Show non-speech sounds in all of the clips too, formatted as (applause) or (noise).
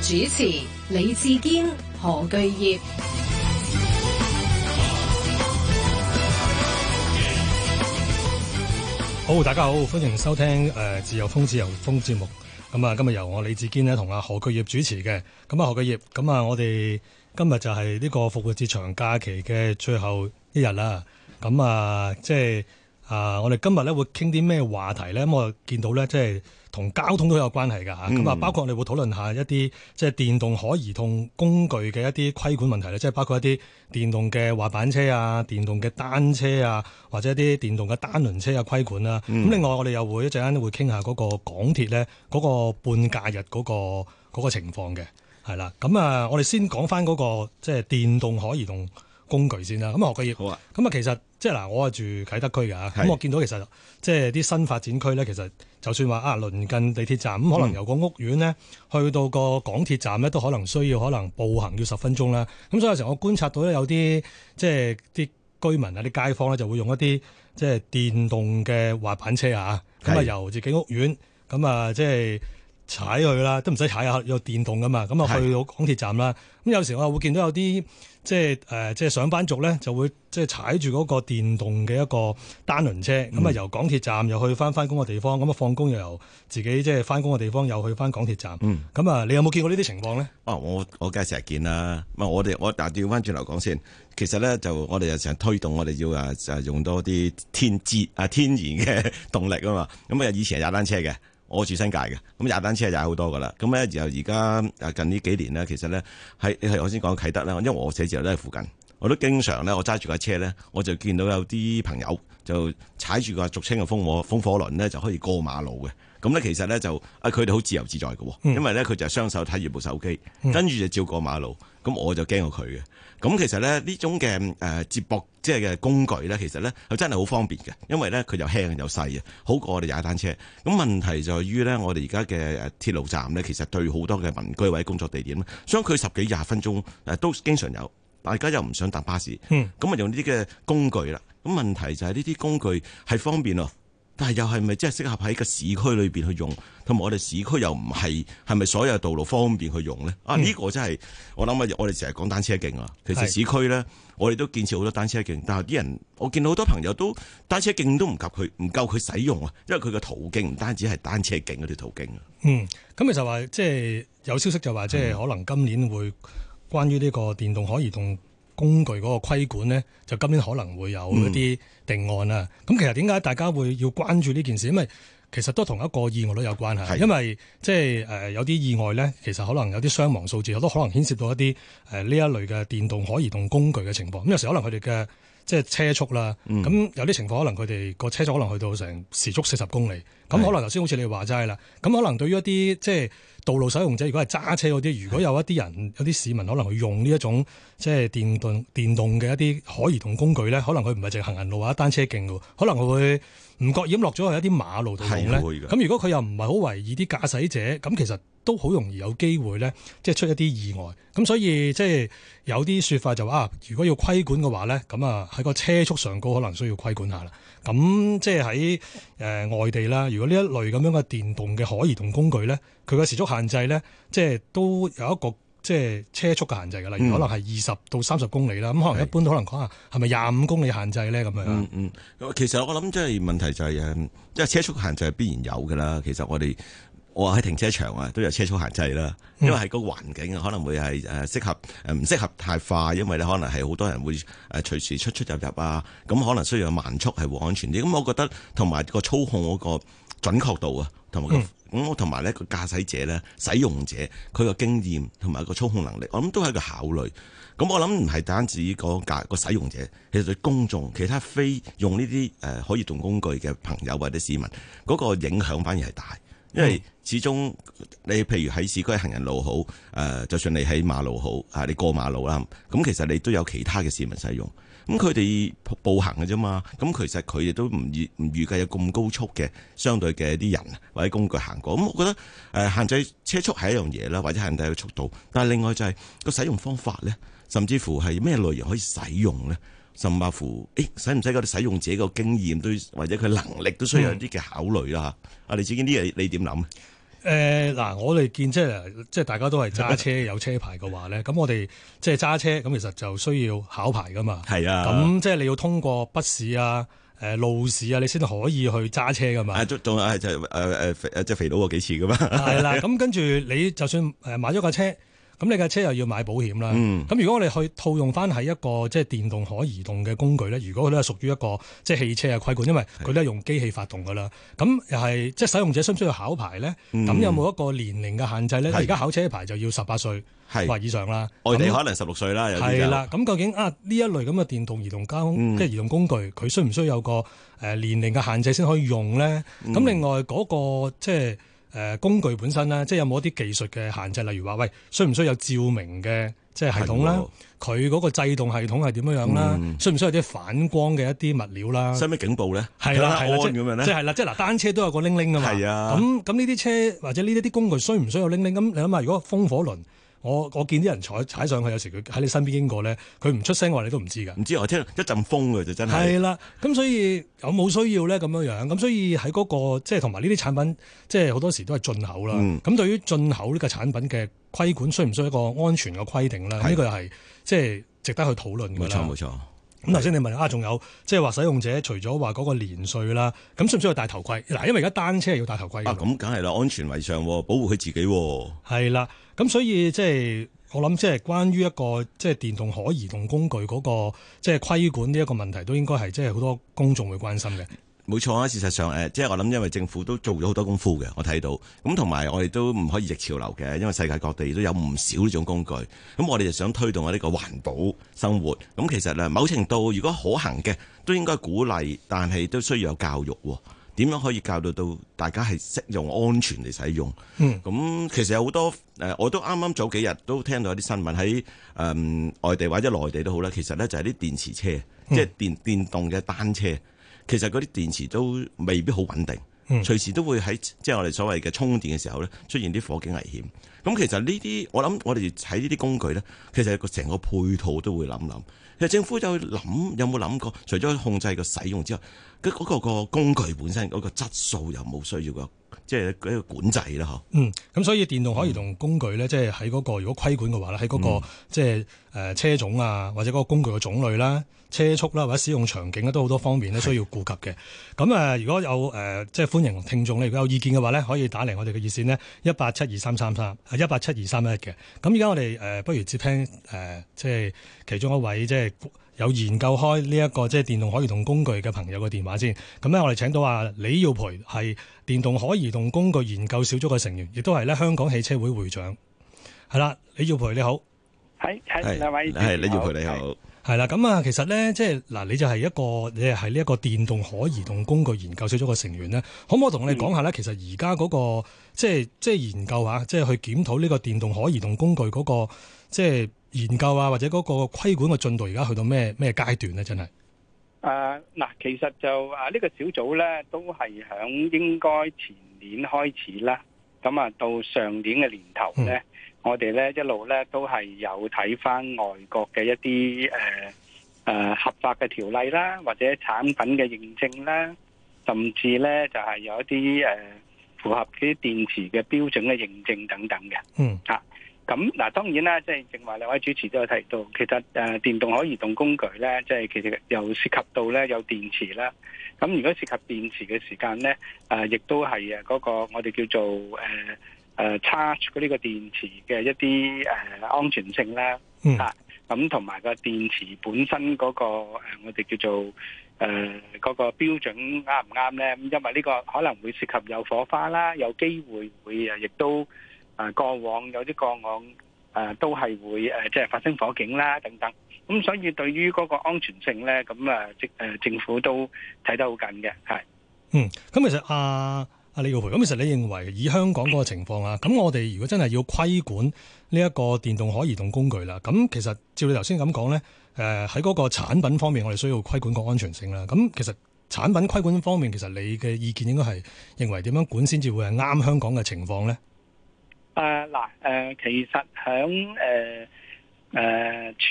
主持李志堅、何巨業，好，大家好，歡迎收聽誒、呃、自由風自由風節目。咁、嗯、啊，今日由我李志堅咧同阿何巨業主持嘅。咁、嗯、啊，何巨業，咁、嗯、啊、嗯，我哋今日就係呢個復活節長假期嘅最後一日啦。咁、嗯、啊、嗯，即係啊、呃，我哋今日咧會傾啲咩話題咧？咁、嗯、我見到咧，即係。同交通都有關係㗎吓，咁啊，包括我哋會討論下一啲即係電動可移動工具嘅一啲規管問題咧，即係包括一啲電動嘅滑板車啊、電動嘅單車啊，或者一啲電動嘅單輪車嘅規管啦。咁、嗯、另外我哋又會一陣間會傾下嗰個港鐵咧嗰個半假日嗰個嗰個情況嘅，係啦。咁啊、那個，我哋先講翻嗰個即係電動可移動。工具先啦，咁啊，何好啊咁啊，其實即係嗱，我住啟德區㗎。咁是我見到其實即係啲新發展區咧，其實就算話啊，鄰近地鐵站，咁、嗯、可能由個屋苑咧去到個港鐵站咧，都可能需要可能步行要十分鐘啦。咁所以有時候我觀察到咧，有啲即係啲居民啊，啲街坊咧，就會用一啲即係電動嘅滑板車是啊，咁啊由自己屋苑咁啊即係踩去啦，都唔使踩下，有電動噶嘛，咁啊去到港鐵站啦。咁是有時我會見到有啲。即係誒，即係上班族咧，就會即係踩住嗰個電動嘅一個單輪車，咁啊、嗯、由港鐵站又去翻翻工嘅地方，咁啊放工又由自己即係翻工嘅地方又去翻港鐵站。嗯，咁啊，你有冇見過呢啲情況咧？啊、哦，我我梗係成日見啦。唔係我哋我，但係調翻轉頭講先，其實咧就我哋日常推動我哋要啊就用多啲天摺啊天然嘅動力啊嘛。咁啊以前係踩單車嘅。我住新界嘅，咁踩單車就踩好多㗎喇，咁咧又而家近呢幾年咧，其實咧喺你係我先講啟德啦，因為我寫字樓都係附近，我都經常咧我揸住架車咧，我就見到有啲朋友就踩住個俗稱嘅風火風火輪咧，就可以過馬路嘅。咁咧其實咧就啊佢哋好自由自在嘅，因為咧佢就雙手睇住部手機，跟住就照過馬路。咁我就驚過佢嘅。咁其實咧，呢種嘅誒接駁即係嘅工具咧，其實咧係真係好方便嘅，因為咧佢又輕又細啊，好過我哋踩單車。咁問題在於咧，我哋而家嘅誒鐵路站咧，其實對好多嘅民居或者工作地點咧，相距十幾廿分鐘誒都經常有，大家又唔想搭巴士，咁啊用呢啲嘅工具啦。咁問題就係呢啲工具係方便咯。但又係咪真係適合喺個市區裏面去用？同埋我哋市區又唔係係咪所有道路方便去用咧？啊！呢個真係我諗啊！我哋成日講單車徑啊，其實市區咧我哋都建設好多單車徑，但係啲人我見到好多朋友都單車徑都唔及佢，唔夠佢使用啊！因為佢嘅途徑唔單止係單車徑嗰啲途徑啊。嗯，咁其實話即係有消息就話即係可能今年會關於呢個電動可移動工具嗰個規管呢，就今年可能會有一啲定案啦，啊。咁，嗯，其實點解大家會要關注呢件事？因為其實都同一個意外都有關係，是的 因為即係，呃，有啲意外呢，其實可能有啲傷亡數字有都可能牽涉到一啲誒呢一類嘅電動可移動工具嘅情況。咁有時可能佢哋嘅即係車速啦，咁，嗯，有啲情況可能佢哋個車速可能去到成時速四十公里。咁、嗯、可能頭先好似你話齋啦，咁可能對於一啲即係道路使用者，如果係揸車嗰啲，如果有一啲人有啲市民可能會用呢一種即係電動電動嘅一啲可移動工具咧，可能佢唔係淨行人路或者單車徑嘅，可能會唔覺意落咗去一啲馬路度咧。咁的、嗯、如果佢又唔係好懷疑啲駕駛者，咁其實都好容易有機會咧，即係出一啲意外。咁所以即係有啲說法就話、啊，如果要規管嘅話咧，咁啊喺個車速上高可能需要規管下啦。咁即係喺誒、呃、外地啦，如果呢一類咁樣嘅電動嘅可移動工具咧，佢嘅時速限制咧，即係都有一個即係車速嘅限制㗎啦。例如可能係二十到三十公里啦，咁、嗯、可能一般都可能講下係咪廿五公里限制咧咁樣？嗯嗯，其實我諗即係問題就係、誒，即係車速限制係必然有㗎啦。其實我哋。我喺停車場啊，都有車速限制啦。因為係個環境可能會係誒適合誒，唔適合太快，因為咧可能係好多人會誒隨時出出入入啊，咁可能需要慢速係會安全啲。咁我覺得同埋個操控嗰個準確度啊，同埋咁同埋咧個駕駛者咧、使用者佢個經驗同埋個操控能力，我諗都係一個考慮。咁我諗唔係單止個駕個使用者，其實對公眾其他非用呢啲誒可以動工具嘅朋友或者市民嗰個影響反而係大。因為始終你譬如喺市區行人路好誒，就算你喺馬路好啊，你過馬路啦。咁其實你都有其他嘅市民使用咁，佢哋步行嘅啫嘛。咁其實佢哋都唔預唔預計有咁高速嘅相對嘅啲人或者工具行過。咁我覺得誒限制車速係一樣嘢啦，或者限制嘅速度。但係另外就係個使用方法咧，甚至乎係咩類型可以使用咧？甚至乎，誒使唔使我哋使用者嘅經驗，都或者佢能力都需要一啲嘅考慮啦嚇。阿李志堅，呢樣你點諗啊？嗱、呃，我哋見即係即係大家都係揸車有車牌嘅話咧，咁 (laughs) 我哋即係揸車咁，其實就需要考牌噶嘛。係啊，咁即係你要通過筆試啊、呃、路試啊，你先可以去揸車噶嘛。仲仲即係肥佬過、啊啊、幾次噶嘛。係 (laughs) 啦，咁跟住你就算誒買咗架車。咁你架車又要買保險啦。咁、嗯、如果我哋去套用翻係一個即係、就是、電動可移動嘅工具咧，如果佢都係屬於一個即係、就是、汽車嘅規管，因為佢都係用機器發動噶啦。咁又係即係使，使用者需唔需要考牌咧？咁、嗯、有冇一個年齡嘅限制咧？而家是考車牌就要十八歲是或以上啦。我哋可能十六歲啦。係啦那。咁的究竟啊呢一類咁嘅電動移動交通、嗯、即係移動工具，佢需唔需要有個、呃、年齡嘅限制先可以用咧？咁、嗯、另外嗰、那個即係、就是誒，工具本身咧，即係有冇一啲技術嘅限制？例如話，喂，需唔需要有照明嘅即係系統啦？佢嗰是的 個制動系統係點樣啦、嗯嗯？需唔需要啲反光嘅一啲物料啦？使唔使警報咧？係啦，係啦，即係啦，即係嗱，單車都有個拎鈴啊嘛。係啊是的，咁咁呢啲車或者呢一啲工具需唔需要拎鈴？咁你諗下，如果風火輪？我我見啲人踩踩上去，有時佢喺你身邊經過咧，佢唔出聲嘅話，你都唔知㗎。唔知我聽一陣風㗎就真係。係啦，咁所以有冇需要咧咁樣樣？咁所以喺嗰、嗰個即係同埋呢啲產品，即係好多時都係進口啦。咁、嗯、對於進口呢個產品嘅規管，需唔需要一個安全嘅規定咧？呢的個又係即係值得去討論㗎啦。冇錯冇錯。咁頭先你問啊，仲有即係話使用者除咗話嗰個年歲啦，咁需唔需要戴頭盔？嗱，因為而家單車係要戴頭盔啊，咁梗係啦，安全為上，保護佢自己。係啦，咁所以即係我諗，即係關於一個即係電動可移動工具嗰個即係規管呢一個問題，都應該係即係好多公眾會關心嘅。冇錯啊！事實上，誒，即係我諗，因為政府都做咗好多功夫嘅，我睇到。咁同埋我哋都唔可以逆潮流嘅，因為世界各地都有唔少呢種工具。咁我哋就想推動下呢個環保生活。咁其實咧，某程度如果可行嘅，都應該鼓勵，但係都需要有教育。點樣可以教導到大家係識用安全嚟使用？咁、嗯、其實有好多誒，我都啱啱早幾日都聽到一啲新聞喺誒、呃、外地或者內地都好啦。其實咧就係啲電池車，嗯、即係電電動嘅單車。其實嗰啲電池都未必好穩定，嗯、隨時都會喺即係我哋所謂嘅充電嘅時候咧出現啲火警危險。咁其實呢啲我諗，我哋睇呢啲工具咧，其實個成個配套都會諗諗。其實政府有諗有冇諗過，除咗控制個使用之外，嗰、那、嗰個工具本身嗰個質素有冇需要個即係嗰個管制啦。吓，嗯，咁所以電動可移動工具咧，嗯、即係喺嗰個如果規管嘅話咧，喺嗰、那個、嗯、即係誒車種啊，或者嗰個工具嘅種類啦、啊。車速啦，或者使用場景咧，都好多方面咧需要顧及嘅。咁誒的，如果有誒、呃，即係歡迎聽眾你如果有意見嘅話咧，可以打嚟我哋嘅熱線呢一八七二三三三，一八七二三一嘅。咁而家我哋誒、呃，不如接聽誒、呃，即係其中一位即係有研究開呢、這、一個即係電動可移動工具嘅朋友嘅電話先。咁咧，我哋請到啊李耀培係電動可移動工具研究小組嘅成員，亦都係咧香港汽車會會長。係啦，李耀培你好。係係兩位，係李耀培你好，係啦咁啊，其實咧即係嗱，你就係一個你係呢一個電動可移動工具研究小組嘅成員咧，嗯、可唔可以同我哋講下咧？其實而家嗰個即係即係研究啊，即係去檢討呢個電動可移動工具嗰、嗰個即係研究啊，或者嗰個規管嘅進度，而家去到咩咩階段咧、啊？真係誒嗱，其實就啊呢、呢個小組咧都係響應該前年開始啦，咁啊到上年嘅年頭咧。嗯我哋咧一路咧都係有睇翻外國嘅一啲誒誒合法嘅條例啦，或者產品嘅認證啦，甚至咧就係有一啲誒符合嗰啲電池嘅標準嘅認證等等嘅。嗯，嚇咁嗱，當然啦，即係正話兩位主持都有提到，其實誒電動可移動工具咧，即係其實又涉及到咧有電池啦。咁如果涉及電池嘅時間咧，誒亦都係啊嗰個我哋叫做誒。誒、uh, charge 嗰啲個電池嘅一啲誒、uh, 安全性啦，嚇、uh, 嗯，咁同埋個電池本身嗰、嗰個我哋叫做誒嗰、uh, 個標準啱唔啱咧？咁因為呢個可能會涉及有火花啦，uh, 有機會會誒亦都誒過往有啲過往誒、uh, 都係會誒即係發生火警啦、uh, 等等。咁所以對於嗰個安全性咧，咁誒政誒政府都睇得好緊嘅，係、uh, 嗯。嗯，咁、嗯、其實阿。Uh 李耀培，咁其實你認為以香港嗰個情況啊，咁我哋如果真係要規管呢一個電動可移動工具啦，咁其實照你頭先咁講呢，喺嗰個產品方面，我哋需要規管個安全性啦。咁其實產品規管方面，其實你嘅意見應該係認為點樣管先至會係啱香港嘅情況呢？嗱、呃呃，其實喺誒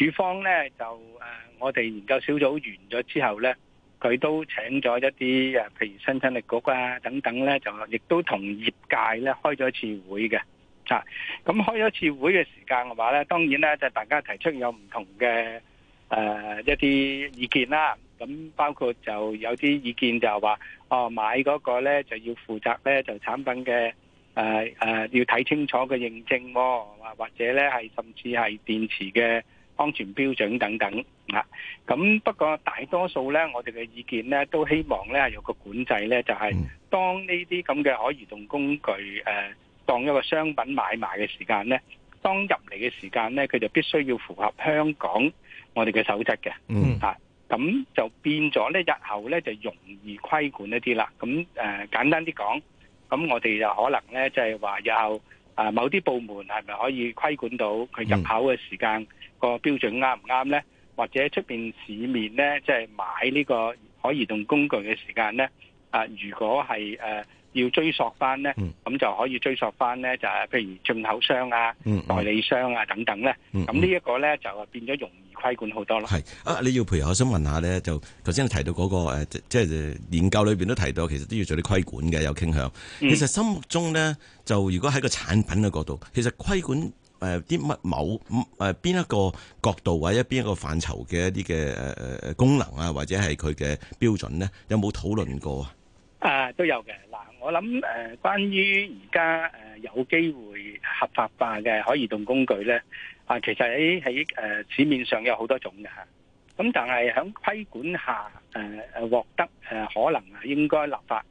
誒處方呢，就誒、呃、我哋研究小組完咗之後呢。佢都請咗一啲誒，譬如生產力局啊等等咧，就亦都同業界咧開咗一次會嘅，啊，咁開咗一次會嘅時間嘅話咧，當然咧就大家提出有唔同嘅誒、呃、一啲意見啦，咁包括就有啲意見就話，哦買嗰個咧就要負責咧，就產品嘅誒誒要睇清楚嘅認證、啊，或或者咧係甚至係電池嘅，安全標準等等啊，咁不過大多數咧，我哋嘅意見咧都希望咧有個管制咧，就係、是、當呢啲咁嘅可移動工具誒、呃、當一個商品買賣嘅時間咧，當入嚟嘅時間咧，佢就必須要符合香港我哋嘅守則嘅，mm. 啊咁就變咗咧，日後咧就容易規管一啲啦。咁誒、呃、簡單啲講，咁我哋就可能咧就係、是、話日後啊、呃、某啲部門係咪可以規管到佢入口嘅時間？Mm. 個標準啱唔啱咧？或者出邊市面咧，即係買呢個可移動工具嘅時間咧，啊，如果係誒要追溯翻咧，咁、嗯、就可以追溯翻咧，就係譬如進口商啊、嗯嗯、代理商啊等等咧。咁呢一個咧就變咗容易規管好多咯。係啊，你要譬如我想問下咧，就頭先你提到嗰、那個即係、就是、研究裏邊都提到，其實都要做啲規管嘅有傾向。嗯、其實心目中咧，就如果喺個產品嘅角度，其實規管。誒啲乜某誒邊一個角度或者邊一個範疇嘅一啲嘅誒誒功能啊，或者係佢嘅標準咧，有冇討論過啊？啊，都有嘅嗱，我諗誒，關於而家誒有機會合法化嘅可移動工具咧，啊，其實喺喺誒市面上有好多種㗎吓，咁但係喺規管下誒誒獲得誒可能啊，應該立法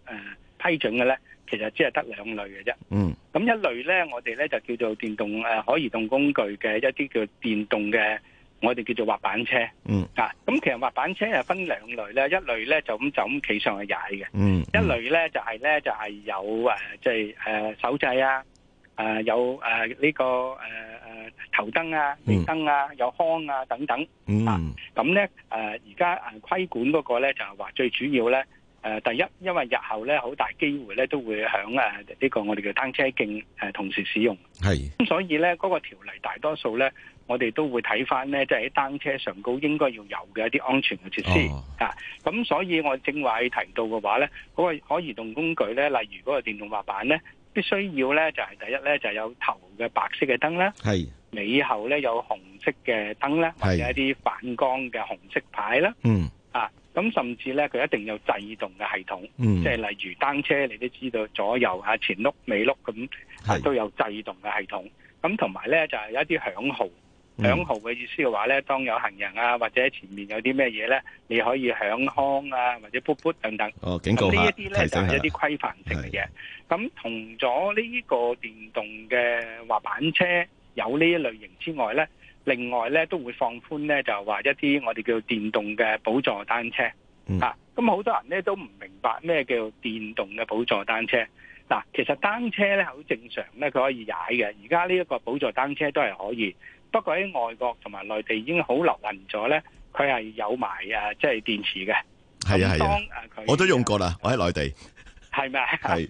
誒批准嘅咧。其實只係得兩類嘅啫。嗯，咁一類咧，我哋咧就叫做電動誒、呃、可移動工具嘅一啲叫電動嘅，我哋叫做滑板車。嗯，啊，咁其實滑板車係分兩類咧，一類咧就咁就咁企上去踩嘅、嗯。嗯，一類咧就係、是、咧就係、是、有誒即係誒手掣啊，誒、呃、有誒呢、呃這個誒誒、呃、頭燈啊、尾、嗯、燈啊、有框啊等等。嗯，咁咧誒而家誒規管嗰個咧就係話最主要咧。誒、呃、第一，因為日後咧好大機會咧都會喺誒呢個我哋叫單車徑誒、呃、同時使用。係咁是，所以咧嗰、那個條例大多數咧，我哋都會睇翻咧，即係喺單車上高應該要有嘅一啲安全嘅設施、哦、啊。咁所以，我正話提到嘅話咧，嗰、那個可、那個、移動工具咧，例如嗰個電動滑板咧，必須要咧就係、是、第一咧就是、有頭嘅白色嘅燈啦，係是尾後咧有紅色嘅燈咧，是或者一啲反光嘅紅色牌啦。嗯啊。咁甚至咧，佢一定有制動嘅系統，即係、嗯、例如單車，你都知道左右啊、前碌、尾碌咁都有制動嘅系統。咁同埋咧，就係、是、有一啲響號，響、嗯、號嘅意思嘅話咧，當有行人啊，或者前面有啲咩嘢咧，你可以響康啊，或者噗噗等等。哦，警告一下呢一啲咧就係一啲規範性嘅。咁是同咗呢個電動嘅滑板車有呢一類型之外咧，另外咧都會放寬咧，就話一啲我哋叫電動嘅補助單車、嗯、啊。咁好多人咧都唔明白咩叫電動嘅補助單車嗱、啊。其實單車咧好正常咧，佢可以踩嘅。而家呢一個補助單車都係可以，不過喺外國同埋內地已經好流行咗咧，佢係有埋、就是、啊，即係電池嘅。係啊係啊，啊我都用過啦，我喺內地。係咪啊？係。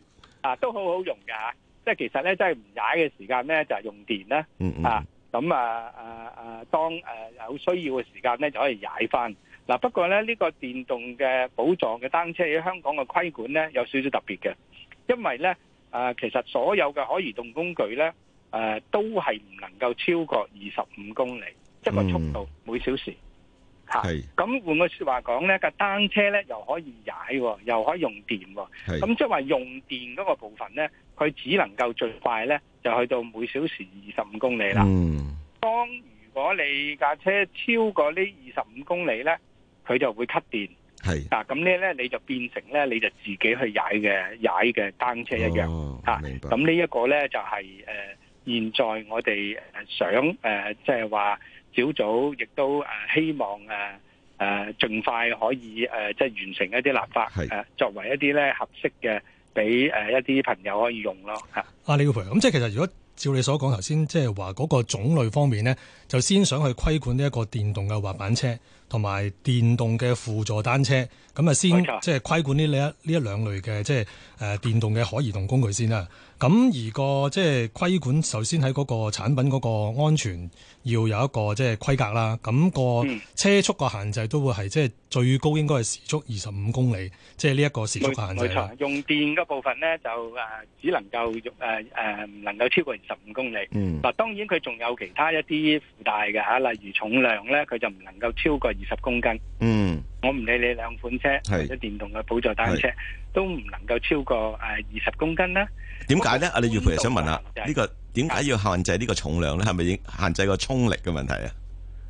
都好好用㗎。即係其實咧，即係唔踩嘅時間咧，就係用電啦。啊。咁啊啊啊，當誒有需要嘅時間咧，就可以踩翻嗱。不過咧，呢個電動嘅輔助嘅單車喺香港嘅規管咧，有少少特別嘅，因為咧啊，其實所有嘅可移動工具咧，誒都係唔能夠超過二十五公里一個速度每小時。咁是換個說話講呢架單車呢又可以踩，又可以用電，咁是即係話用電嗰個部分呢，佢只能夠最快呢就去到每小時二十五公里啦。嗯，當如果你架車超過呢二十五公里呢，佢就會 cut 電。嗱是，咁呢呢你就變成呢，你就自己去踩嘅踩嘅單車一樣。咁呢一個呢、就是，就係誒，現在我哋想誒，即係話。就是小組亦都誒希望誒誒盡快可以誒即係完成一啲立法，誒作為一啲咧合適嘅，俾誒一啲朋友可以用咯。阿、啊、李耀培，咁即係其實如果照你所講頭先，即係話嗰個種類方面咧，就先想去規管呢一個電動嘅滑板車。同埋電動嘅輔助單車，咁啊先即係規管呢呢一呢一兩類嘅即係誒電動嘅可移動工具先啦。咁而個即係規管，首先喺嗰個產品嗰個安全要有一個即係規格啦。咁個車速個限制都會係即係最高應該係時速二十五公里，即係呢一個時速限制。冇錯，用電嘅部分咧就誒、呃、只能夠誒誒唔能夠超過二十五公里。嗱、嗯、當然佢仲有其他一啲附帶嘅吓，例如重量咧，佢就唔能夠超過。二十公斤，嗯，我唔理你兩款車或者電動嘅輔助單車都唔能夠超過誒二十公斤啦、啊。點解呢？啊，李耀培想問下呢個點解要限制呢個重量呢？係咪限制個衝力嘅問題啊？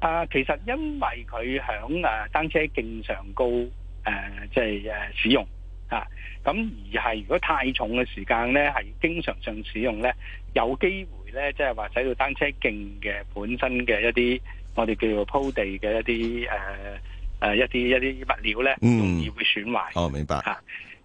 啊、呃，其實因為佢響誒單車經常高誒，即係誒使用啊，咁而係如果太重嘅時間呢，係經常上使用呢，有機會。咧，即係話使到單車徑嘅本身嘅一啲我哋叫做鋪地嘅一啲誒誒一啲一啲物料咧，容易會損壞，嗯。哦，明白吓。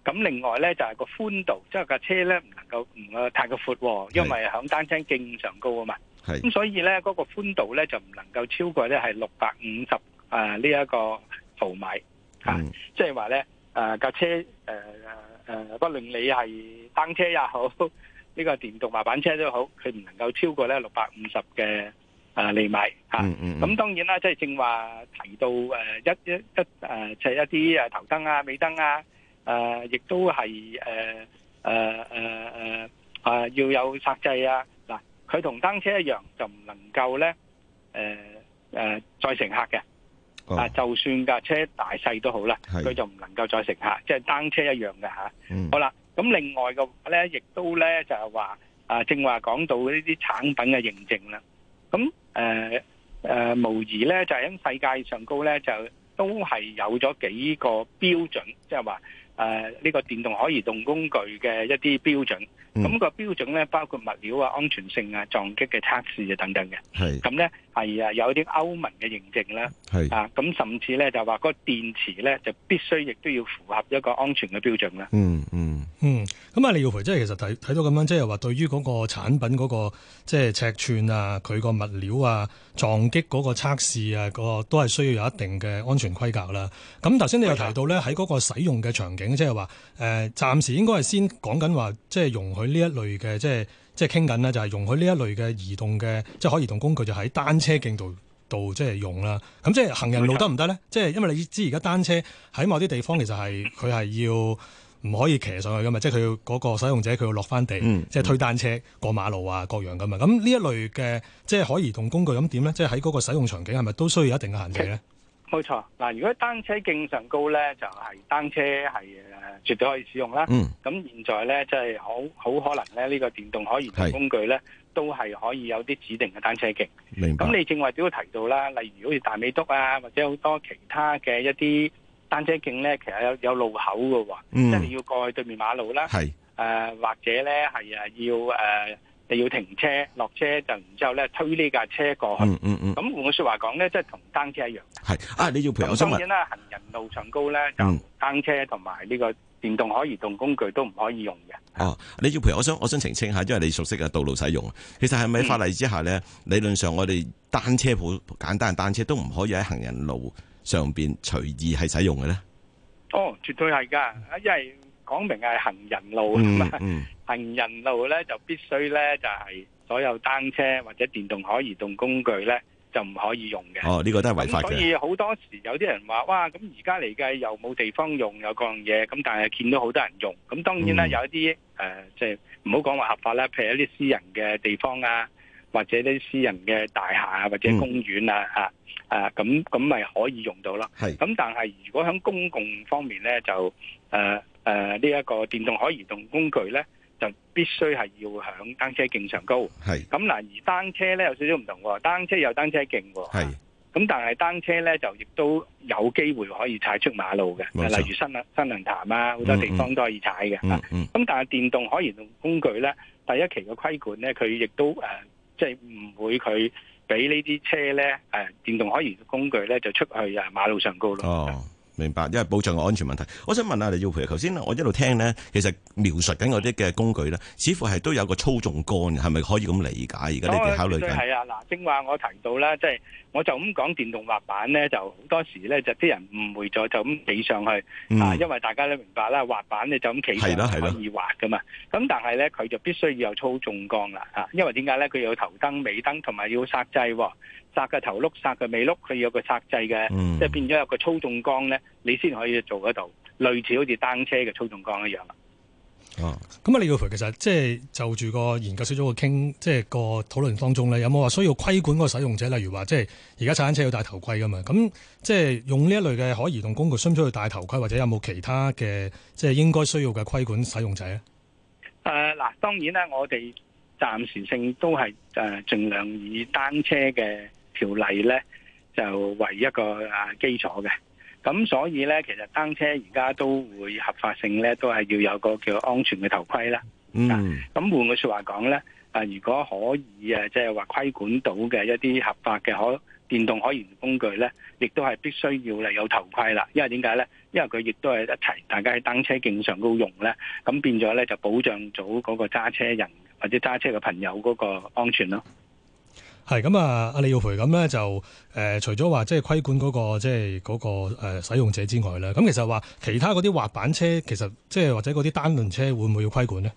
咁、啊、另外咧就係、是、個寬度，即係架車咧唔能夠唔太過闊，哦，因為響單車徑上高啊嘛。係咁是，所以咧嗰、那個寬度咧就唔能夠超過咧係六百五十誒呢一、呃，呢個毫米吓，即係話咧誒架車誒誒，不論你係單車也好。呢個電動滑板車都好，佢唔能夠超過咧六百五十嘅啊釐米嚇。咁當然啦，即係正話提到誒、呃、一一一誒，就、呃、係一啲誒頭燈啊、尾燈啊誒、呃，亦都係誒誒誒誒啊要有煞掣啊。嗱，佢同單車一樣，就唔能夠咧誒誒載乘客嘅。啊、哦，就算架車大細都好啦，佢是就唔能夠載乘客，即係單車一樣嘅嚇。啊嗯、好啦。咁另外嘅話咧，亦都咧就係話啊，正話講到呢啲產品嘅認證啦。咁誒誒，無疑咧就係喺世界上高咧，就都係有咗幾個標準，即係話。誒、呢、呃這個電動可移動工具嘅一啲標準，咁、嗯、個標準咧包括物料啊、安全性啊、撞擊嘅測試啊等等嘅。係咁咧，係啊，有啲歐盟嘅認證啦。係是啊，咁、嗯、甚至咧就話嗰個電池咧，就必須亦都要符合一個安全嘅標準啦、嗯。嗯嗯嗯，咁、嗯、啊，李耀培，即係其實睇睇到咁樣，即係話對於嗰個產品嗰、那個即係尺寸啊，佢個物料啊、撞擊嗰個測試啊，那個都係需要有一定嘅安全規格啦。咁頭先你又提到咧，喺嗰、啊、個使用嘅場景。即係話，誒，暫時應該係先講緊話，即係容許呢一類嘅，即係即係傾緊咧，就係容許呢一類嘅移動嘅，即係可移動工具，就喺單車徑度度，即係用啦。咁即係行人路得唔得咧？即係因為你知而家單車喺某啲地方，其實係佢係要唔可以騎上去噶嘛，即係佢嗰個使用者佢要落翻地，即係推單車過馬路啊，各樣噶嘛。咁呢一類嘅即係可移動工具，咁點咧？即係喺嗰個使用場景係咪都需要一定嘅限制咧？嗯冇錯，嗱，如果單車徑上高咧，就係、是、單車係誒、呃、絕對可以使用啦。嗯，咁現在咧，即係好好可能咧，呢個電動可移動工具咧，是都係可以有啲指定嘅單車徑。明白。咁你正話都要提到啦，例如好似大美督啊，或者好多其他嘅一啲單車徑咧，其實有有路口嘅喎，即係、嗯、你要過去對面馬路啦。係是。誒、呃，或者咧係啊，要、呃、誒。你要停車落車，就然之後咧推呢架車過去。嗯嗯咁換個說話講咧，即係同單車一樣。係啊，你要賠償。當然，我想問，行人路上高咧，嗯、單車同埋呢個電動可移動工具都唔可以用嘅。哦，你要賠？我想我想澄清下，因為你熟悉嘅道路使用。其實係咪法例之下咧，嗯、理論上我哋單車好簡單，單車都唔可以喺行人路上邊隨意係使用嘅咧。哦，絕對係噶因為。講明係行人路，咁啊，行人路咧，就必須咧，就係所有單車或者電動可移動工具咧，就唔可以用嘅。哦，呢個都係違法嘅。所以好多時有啲人話哇，咁而家嚟計又冇地方用，有各樣嘢，咁但係見到好多人用，咁當然啦，有一啲誒，即係唔好講話合法啦，譬如一啲私人嘅地方啊，或者啲私人嘅大廈啊，或者公園啊，啊啊咁咁咪可以用到啦。係。咁但係如果響公共方面咧，就誒。誒，呢一，呃這個電動可移動工具咧，就必須係要響單車徑上高。係咁嗱，而單車咧有少少唔同，單車有單車徑。係咁是，但係單車咧就亦都有機會可以踩出馬路嘅，錯例如新新能壇啊，好，嗯嗯，多地方都可以踩嘅。咁，嗯嗯啊，但係電動可移動工具咧，第一期嘅規管咧，佢亦都誒，即係唔會佢俾呢啲車咧，誒，呃，電動可移動工具咧，就出去啊馬路上高咯。哦。明白，因為保障個安全問題，我想問下李耀培，頭先我一路聽咧，其實描述緊嗰啲嘅工具咧，似乎係都有個操縱杆，係咪可以咁理解？而家你哋考慮緊。係啊，嗱，正話我提到咧，即係。我就咁講電動滑板咧，就好多時咧就啲人誤會咗，就咁企上去啊！嗯、因為大家都明白啦，滑板你就咁企就唔可以滑噶嘛。咁的但係咧，佢就必須要有操縱桿啦吓，因為點解咧？佢有頭燈、尾燈同埋要煞掣，煞嘅頭碌、煞嘅尾碌，佢要有個煞掣嘅，嗯、即係變咗有個操縱桿咧，你先可以做得到，類似好似單車嘅操縱桿一樣啦。咁啊，嗯嗯、李耀培，其實即係就住、是、個研究小組嘅傾，即係個討論當中咧，有冇話需要規管個使用者？例如話，即係而家踩單車要戴頭盔噶嘛？咁即係用呢一類嘅可移動工具，需唔需要戴頭盔？或者有冇其他嘅即係應該需要嘅規管使用者咧？誒，嗱，當然咧，我哋暫時性都係誒盡量以單車嘅條例咧，就為一個誒基礎嘅。咁所以咧，其實單車而家都會合法性咧，都係要有個叫安全嘅頭盔啦。嗯，咁換句說話講咧，啊，如果可以啊，即係話規管到嘅一啲合法嘅可電動可燃工具咧，亦都係必須要嚟有頭盔啦。因為點解咧？因為佢亦都係一齊，大家喺單車徑上都用咧，咁變咗咧就保障到嗰個揸車人或者揸車嘅朋友嗰個安全咯。係咁啊！阿李耀培咁咧，就誒、呃，除咗話即係規管嗰、那個即係、就是那個誒、呃、使用者之外啦，咁其實話其他嗰啲滑板車，其實即係或者嗰啲單輪車會唔會要規管咧？誒、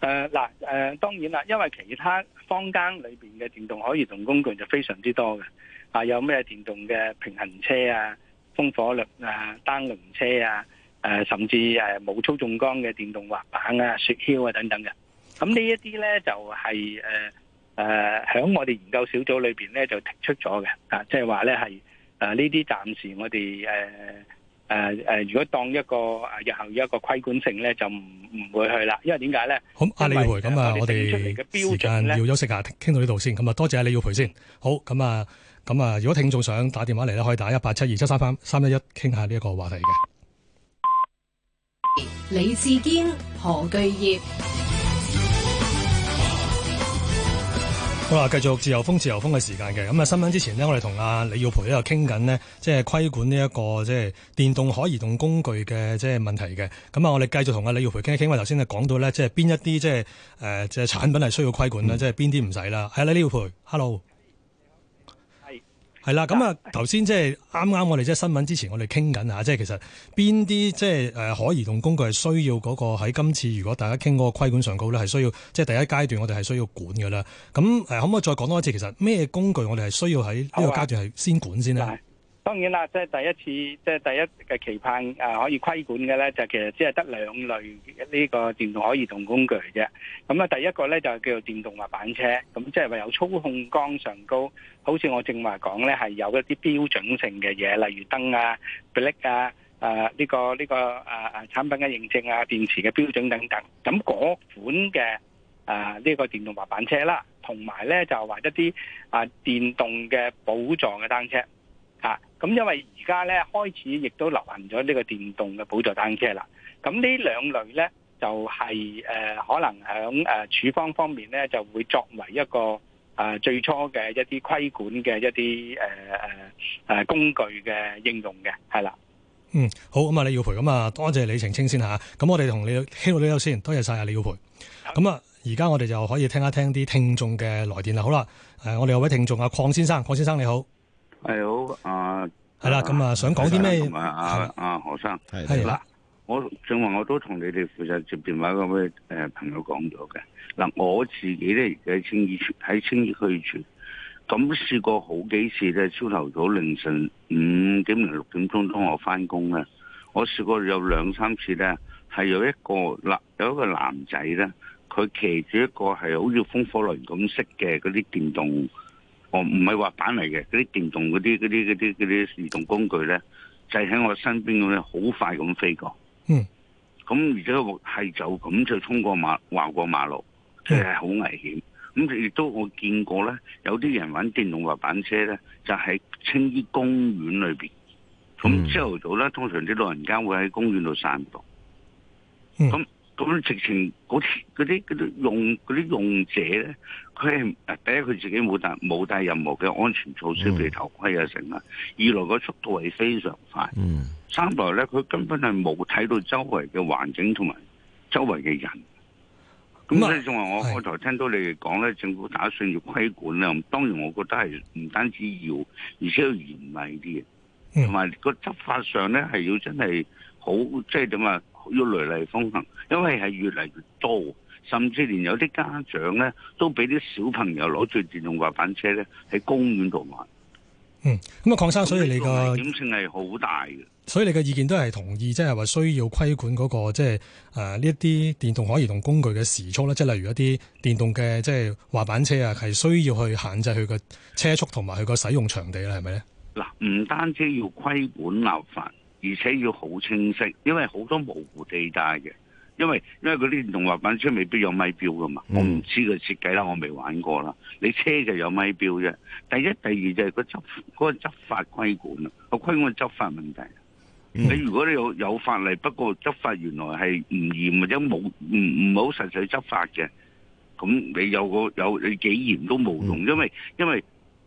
呃，嗱，誒，當然啦，因為其他坊間裏邊嘅電動可移動工具就非常之多嘅，啊、呃，有咩電動嘅平衡車啊、風火輪啊、單輪車啊，誒、呃，甚至誒冇、呃、操縱桿嘅電動滑板啊、雪橇啊等等嘅，咁呢一啲咧就係、是、誒。呃誒，喺、呃、我哋研究小組裏邊咧，就提出咗嘅，啊，即係話咧係誒呢啲暫、呃、時我哋誒誒誒，如果當一個誒日後有一個規管性咧，就唔唔會去啦，因為點解咧？好，阿李耀培，咁啊，我哋時間要休息下，傾到呢度先。咁啊，多謝阿李耀培先。好，咁啊，咁啊，如果聽眾想打電話嚟咧，可以打 1, 8, 7, 2, 7, 3, 3, 1, 1, 一八七二七三三三一一，傾下呢一個話題嘅。李志堅何巨業。好啦繼續自由風自由風嘅時間嘅，咁啊新聞之前呢，我哋同阿李耀培喺度傾緊呢即係規管呢一個即係電動可移動工具嘅即係問題嘅。咁啊，我哋繼續同阿李耀培傾一傾，我頭先就講到咧，即係邊一啲即係誒、呃、即係產品係需要規管啦，嗯、即係邊啲唔使啦。係啊，李耀培，hello。係啦，咁啊，頭先即係啱啱我哋即係新聞之前，我，我哋傾緊吓，即係其實邊啲即係誒可移動工具係需要嗰個喺今次如果大家傾嗰個規管上高咧，係需要即係、就是、第一階段我哋係需要管㗎啦。咁誒，可唔可以再講多一次？其實咩工具我哋係需要喺呢個階段係先管先咧？的當然啦，即係第一次，即係第一嘅期盼啊，可以規管嘅呢，就其實只係得兩類呢個電動可移動工具嘅。咁啊，第一個呢，就叫做電動滑板車，咁即係話有操控、桿上高，好似我正話講呢，係有一啲標準性嘅嘢，例如燈啊、blink 啊、啊呢、呢個呢、呢個啊啊產品嘅認證啊、電池嘅標準等等。咁嗰款嘅啊呢、呢個電動滑板車啦，同埋呢，就話一啲啊電動嘅輔助嘅單車。咁因為而家咧開始亦都流行咗呢個電動嘅補助單車啦，咁呢兩類咧就係誒可能喺誒處方方面咧就會作為一個誒最初嘅一啲規管嘅一啲誒誒工具嘅應用嘅，係啦。嗯，好，咁啊，李耀培，咁啊，多謝李澄清先啊。咁我哋同你傾到呢度先，多謝晒啊，李耀培。咁啊好，而家我哋就可以聽一聽啲聽，聽，聽眾嘅來電啦，好啦，我哋有位聽眾啊，鄺先生，鄺先生你好。係好、哎、啊！係啦，咁啊的，想講啲咩？同埋阿何生係啦，我正話我都同你哋負責接電話嘅咩誒朋友講咗嘅嗱，我自己咧而家喺青衣喺青衣區住，咁試過好幾次咧，朝頭早凌晨五點零六點鐘，當我翻工咧，我試過有兩三次咧，係有,有一個男有一個男仔咧，佢騎住一個係好似風火輪咁式嘅嗰啲電動。我唔係滑板嚟嘅，嗰啲電動嗰啲嗰啲嗰啲嗰啲移動工具咧，就喺我身邊咁樣好快咁飛過。嗯，咁而且我係就咁就通過馬橫過馬路，即係好危險。咁亦、嗯、都我見過咧，有啲人玩電動滑板車咧，就喺青衣公園裏面。咁朝頭早咧，通常啲老人家會喺公園度散步。咁、嗯嗯咁直情嗰啲嗰啲嗰啲用嗰啲用者咧，佢係第一，佢自己冇帶冇帶任何嘅安全措施、嗯、俾頭盔啊成啊，二來個速度係非常快，嗯、三來咧佢根本係冇睇到周圍嘅環境同埋周圍嘅人。咁所以仲話我我頭聽到你哋講咧，的政府打算要規管啦。當然我覺得係唔單止要，而且要嚴厲啲，同埋、嗯、個執法上咧係要真係好即係點啊？就是要雷厲風行，因為係越嚟越多，甚至連有啲家長咧都俾啲小朋友攞住電動滑板車咧喺公園度玩，嗯。嗯，咁啊，鄺生，所以你個危險性係好大嘅，所以你嘅意見都係同意，即係話需要規管嗰、那個即係誒呢一啲電動可移動工具嘅時速咧，即、就、係、是、例如一啲電動嘅即係滑板車啊，係需要去限制佢嘅車速同埋佢個使用場地咧，係咪咧？嗱，唔單止要規管立法。而且要好清晰，因為好多模糊地帶嘅，因為因為嗰啲電動滑板車未必有咪標噶嘛，我唔知佢設計啦，我未玩過啦。你車就有咪標啫。第一、第二就係個執嗰個執法規管啊，個規管執法問題。你如果你有有法例，不過執法原來係唔嚴或者冇唔唔好實際執法嘅，咁你有個有你幾嚴都冇用，因為因為。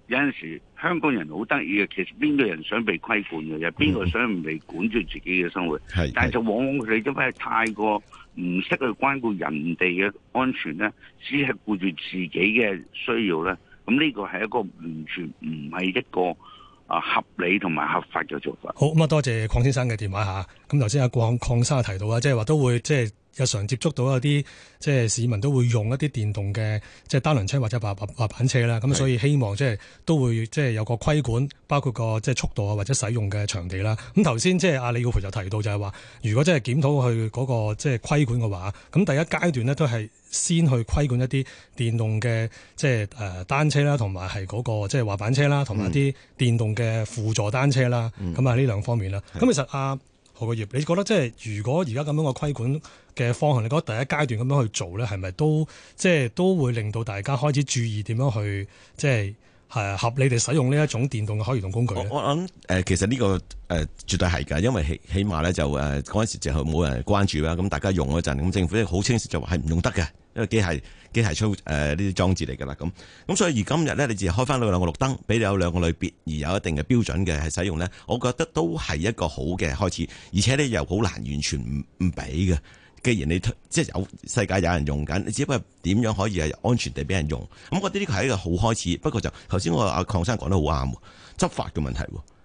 有陣時香港人好得意嘅，其實邊個人想被規管嘅，又邊個想唔被管住自己嘅生活？嗯、但係就往往佢哋因為太過唔識去關顧人哋嘅安全咧，只係顧住自己嘅需要咧，咁呢個係一個完全唔係一個啊合理同埋合法嘅做法。好咁啊，多謝鄺先生嘅電話吓，咁頭先阿鄺鄺生提到啊，即係話都會即係。就是日常接觸到有啲即係市民都會用一啲電動嘅即係單輪車或者滑滑板車啦，咁的所以希望即係都會即係有個規管，包括個即係速度啊或者使用嘅場地啦。咁頭先即係阿李耀培就提到就係、是、話，如果真係檢討佢嗰個即係規管嘅話，咁第一階段呢都係先去規管一啲電動嘅即係誒單車啦，同埋係嗰個即係滑板車啦，同埋啲電動嘅輔助單車啦，咁啊呢兩方面啦。咁的其實啊個業，你覺得即係如果而家咁樣嘅規管嘅方向，你覺得第一階段咁樣去做咧，係咪都即係都會令到大家開始注意點樣去即係係合理地使用呢一種電動嘅移動工具我？我諗誒、呃，其實呢個誒絕對係㗎，因為起起碼咧就誒嗰陣時就冇人關注啦。咁大家用嗰陣，咁政府咧好清晰就話係唔用得嘅，因為機械。機械操誒呢啲裝置嚟㗎啦，咁咁所以而今日咧，你只係開翻兩兩個綠燈，俾你有兩個類別而有一定嘅標準嘅係使用咧，我覺得都係一個好嘅開始，而且咧又好難完全唔唔俾嘅。既然你即係有世界有人用緊，你只不過點樣可以係安全地俾人用，咁我覺得呢個係一個好開始。不過就頭先我阿鄺生講得好啱，執法嘅問題。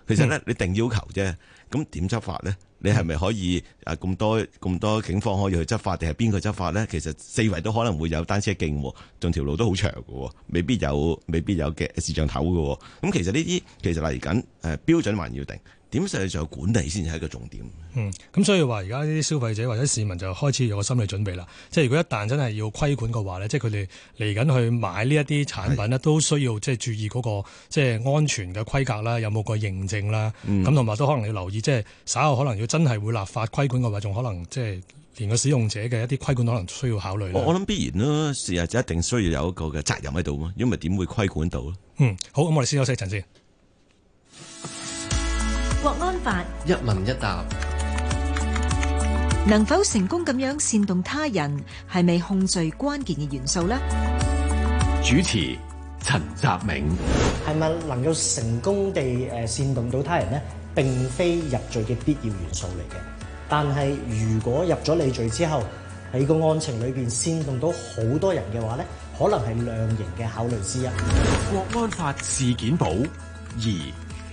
其實咧，你定要求啫，咁點執法咧？你係咪可以啊？咁多咁多警方可以去執法，定係邊個執法咧？其實四圍都可能會有單車徑，仲條路都好長嘅，未必有，未必有嘅視像頭嘅。咁其實呢啲其實嚟緊誒，標準還要定。點實際就管理先係一個重點。嗯，咁所以話而家啲消費者或者市民就開始有個心理準備啦。即係如果一旦真係要規管嘅話咧，即係佢哋嚟緊去買呢一啲產品咧，都需要即係注意嗰個即係安全嘅規格啦，有冇個認證啦。咁同埋都可能要留意，即係稍後可能要真係會立法規管嘅話，仲可能即係連個使用者嘅一啲規管可能都需要考慮。我諗必然咯，事實就一定需要有一個嘅責任喺度嘛。如果唔係點會規管到咧？嗯，好，咁我哋先休息一陣先。國安法一問一答，能否成功咁樣煽動他人，係咪控罪關鍵嘅元素呢？主持陳澤明，係咪能夠成功地誒煽動到他人呢？並非入罪嘅必要元素嚟嘅。但係如果入咗你罪之後，喺個案情裏邊煽動到好多人嘅話呢，可能係量刑嘅考慮之一。國安法事件簿二。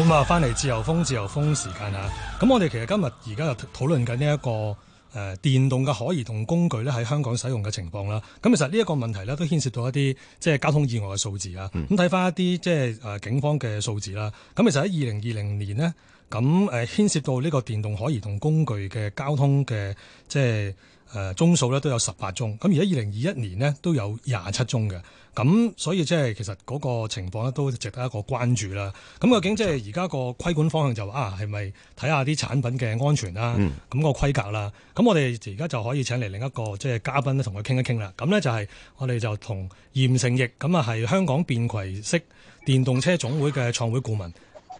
好啊，翻嚟自由風，自由風時間啊！咁我哋其實今日而家就討論緊呢一個誒、呃、電動嘅可移動工具咧喺香港使用嘅情況啦。咁其實呢一個問題咧都牽涉到一啲即係交通意外嘅數字啊。咁睇翻一啲即係誒警方嘅數字啦。咁其實喺二零二零年呢，咁、呃、誒牽涉到呢個電動可移動工具嘅交通嘅即係誒宗數咧都有十八宗。咁而家二零二一年呢都有廿七宗嘅。咁所以即、就、係、是、其實嗰個情況咧都值得一個關注啦。咁究竟即係而家個規管方向就話、是、啊，係咪睇下啲產品嘅安全啦、啊，咁、嗯、個規格啦？咁我哋而家就可以請嚟另一個即係、就是、嘉賓咧，同佢傾一傾啦。咁咧就係我哋就同嚴丞翊，咁啊係香港便攜式電動車總會嘅創會顧問，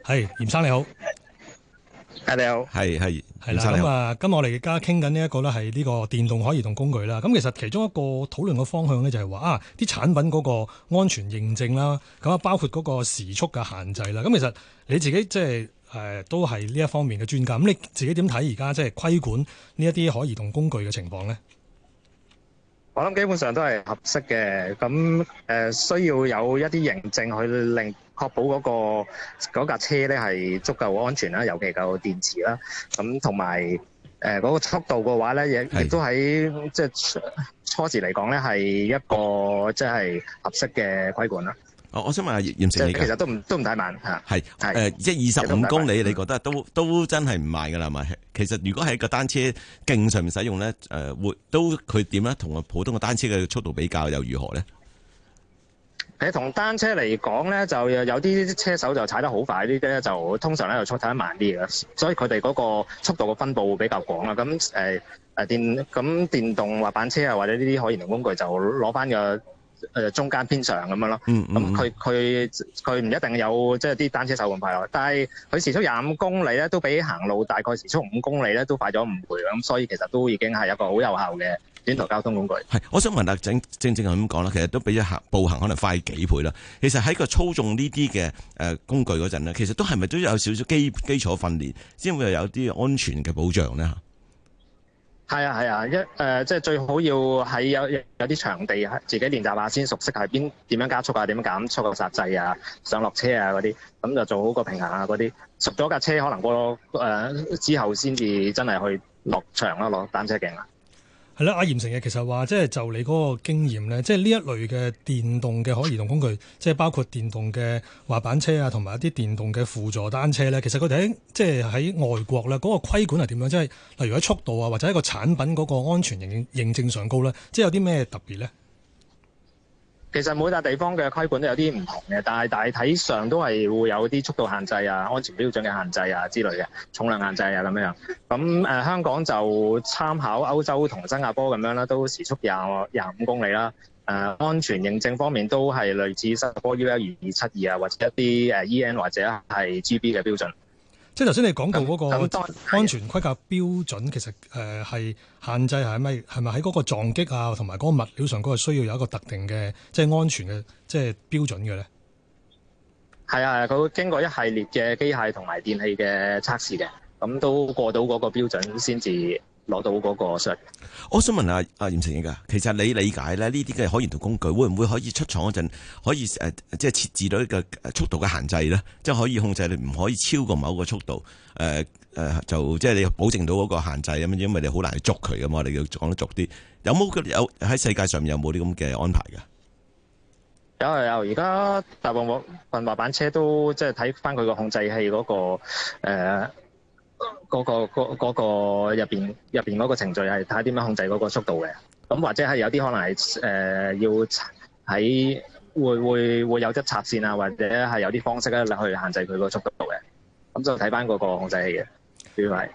係、嗯、嚴生你好。係你好，係係係啦，咁啊，咁今日我哋而家傾緊呢一個咧，係呢個電動可移動工具啦。咁其實其中一個討論嘅方向咧、就是，就係話啊，啲產品嗰個安全認證啦，咁啊，包括嗰個時速嘅限制啦。咁其實你自己即係誒，都係呢一方面嘅專家。咁你自己點睇而家即係規管呢一啲可移動工具嘅情況咧？我諗基本上都係合適嘅，咁誒、呃、需要有一啲認證去令。確保嗰架車咧係足夠安全啦，尤其夠電池啦。咁同埋嗰個速度嘅話咧，亦亦都喺即係初時嚟講咧，係一個即係合適嘅規管啦。哦，我想問下嚴、嚴丞翊其實都唔都唔太慢，係，即係二十五公里，你覺得都都真係唔慢㗎啦？係咪？其實如果喺個單車徑上面使用咧，誒、呃、會都佢點咧？同個普通嘅單車嘅速度比較又如何咧？誒同單車嚟講咧，就有啲車手就踩得好快，啲咧就通常咧就速度得慢啲嘅，所以佢哋嗰個速度嘅分佈會比較廣啊。咁誒誒電咁電動滑板車啊，或者呢啲可移動工具就攞翻個誒中間偏上咁樣咯。咁佢佢佢唔一定有即係啲單車手咁快咯，但係佢時速廿五公里咧都比行路大概時速五公里咧都快咗五倍。咁所以其實都已經係一個好有效嘅。交通工具係，我想問下，正正正係咁講啦，其實都比一行步行可能快幾倍啦。其實喺個操縱呢啲嘅誒工具嗰陣咧，其實都係咪都有少少基基礎訓練，先會有啲安全嘅保障咧？吓、啊，係啊係啊，一誒即係最好要喺有有啲場地，自己練習下先熟悉係邊點樣加速，怎樣速啊，點樣減速個剎掣啊，上落車啊嗰啲，咁就做好個平衡啊嗰啲，熟咗架車可能個誒、呃、之後先至真係去落場啦，落單車徑啦。係啦，阿嚴丞嘅其實話，即係就你嗰個經驗咧，即係呢一類嘅電動嘅可移動工具，即係包括電動嘅滑板車啊，同埋一啲電動嘅輔助單車咧。其實佢哋喺即係喺外國咧，嗰個規管係點樣？即係例如喺速度啊，或者係一個產品嗰個安全認認證上高咧，即係有啲咩特別咧？其實每笪地方嘅規管都有啲唔同嘅，但係大體上都係會有啲速度限制啊、安全標準嘅限制啊之類嘅、重量限制啊咁樣樣。咁、呃、香港就參考歐洲同新加坡咁樣啦，都時速廿廿五公里啦，呃。安全認證方面都係類似新加坡 UL 二2七二二二七二啊，或者一啲 EN 或者係 GB 嘅標準。即係頭先你講到嗰個安全規格標準，其實誒係限制係咪？係咪喺嗰個撞擊啊，同埋嗰個物料上嗰個需要有一個特定嘅即係安全嘅即係標準嘅咧？係啊，佢會經過一系列嘅機械同埋電器嘅測試嘅，咁、嗯、都過到嗰個標準先至攞到嗰個我想問下阿嚴丞翊噶，其實你理解咧，呢啲嘅可研同工具會唔會可以出廠嗰陣可以誒，即係設置到一個速度嘅限制咧，即、就、係、是、可以控制你唔可以超過某一個速度？誒、呃、誒、呃，就即係你保證到嗰個限制咁樣，因為你好難捉佢噶嘛，你要講得俗啲，有冇有喺世界上面有冇啲咁嘅安排噶？有有，而家大部分滑板車都即係睇返佢個控制器嗰、那個誒。呃嗰個、嗰入邊、入邊嗰個程序係睇下點樣控制嗰個速度嘅，咁或者係有啲可能係誒、呃、要喺會會會有得插線啊，或者係有啲方式咧去限制佢個速度嘅，咁就睇翻嗰個控制器嘅，主要係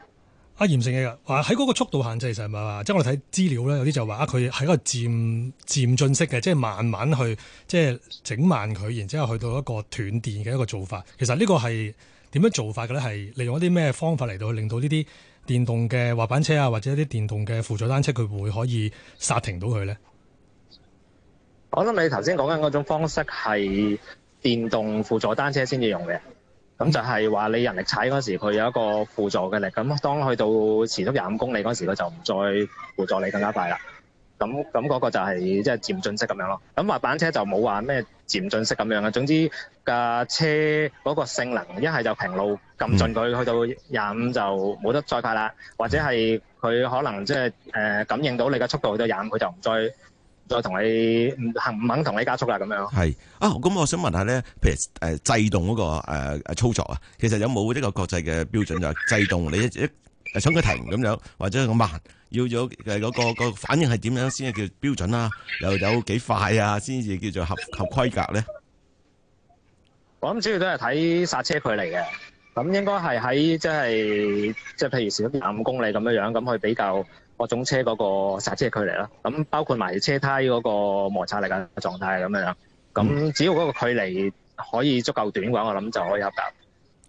阿嚴生嘅話喺嗰個速度限制，其實唔係話即係我哋睇資料咧，有啲就話啊，佢係一個漸漸進式嘅，即係慢慢去即係整慢佢，然之後去到一個斷電嘅一個做法，其實呢個係。點樣做法嘅咧？係利用一啲咩方法嚟到令到呢啲電動嘅滑板車啊，或者一啲電動嘅輔助單車，佢會，會可以刹停到佢咧？我諗你頭先講緊嗰種方式係電動輔助單車先至用嘅，咁就係話你人力踩嗰時佢有一個輔助嘅力，咁當去到時速廿五公里嗰時，佢就唔再輔助你更加快啦。咁咁嗰個就係即係漸進式咁樣咯。咁滑板車就冇話咩漸進式咁樣啦。總之架車嗰個性能，一係就平路咁盡佢去到廿五就冇得再快啦，或者係佢可能即係誒感應到你嘅速度去到廿五，佢就唔再再同你唔肯唔肯同你加速啦咁樣。係啊，咁我想問下咧，譬如誒制動嗰個誒誒操作啊，其實有冇呢個國際嘅標準就係制動你一想佢停咁樣，或者咁慢？要咗個反應係點樣先至叫標準啦，啊？又有幾快啊？先至叫做合合規格咧？我諗主要都係睇剎車距離嘅，咁應該係喺即係即係譬如少啲廿五公里咁樣樣，咁去比較各種車嗰個剎車距離啦。咁包括埋車胎嗰個摩擦力嘅狀態咁樣。咁只要嗰個距離可以足夠短嘅話，我諗就可以合格。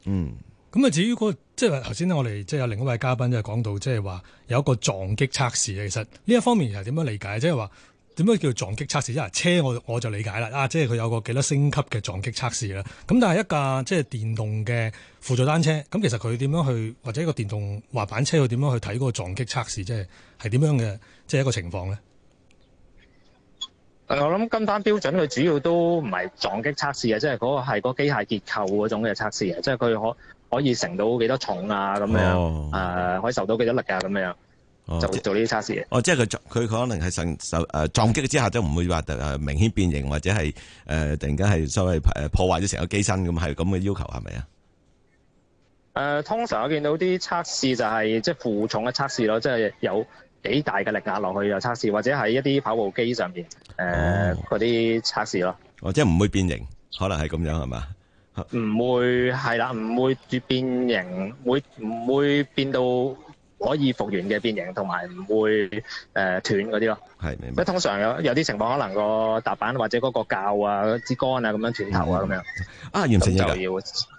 嗯。咁啊，至於嗰、嗰個、即係話頭先咧，我哋即係有另一位嘉賓到，即係講到即係話有一個撞擊測試啊。其實呢一方面又係點樣理解？即係話點樣叫撞擊測試？即係車我，我我就理解啦。啊，即係佢有個幾多星級嘅撞擊測試啦。咁但係一架即係電動嘅輔助單車，咁其實佢點樣去或者一個電動滑板車佢點樣去睇嗰個撞擊測試？即係係點樣嘅？即係一個情況咧、呃。我諗跟單標準佢主要都唔係撞擊測試啊，即係嗰個係嗰機械結構嗰種嘅測試啊，即係佢可。可以承到幾多重啊？咁樣誒，可以受到幾多力噶，啊？咁樣、哦、就做呢啲測試。哦，即係佢佢可能係受受誒、呃、撞擊之下，都唔會話誒明顯變形或者係誒、呃，突然間係稍微誒破壞咗成個機身咁，係咁嘅要求係咪啊？誒、呃，通常我見到啲測試就係即係負重嘅測試咯，即、就、係、是、有幾大嘅力壓落去嘅測試，或者喺一啲跑步機上邊誒嗰啲測試咯。哦，即唔會變形，可能係咁樣係嘛？唔、啊、會係啦，唔會變型，會唔會變到？可以復原嘅變形，同埋唔會誒、呃、斷嗰啲咯。係明白。通常有有啲情況，可能個踏板或者嗰個教啊、支杆啊咁樣斷頭啊咁的樣啊，完成嘢要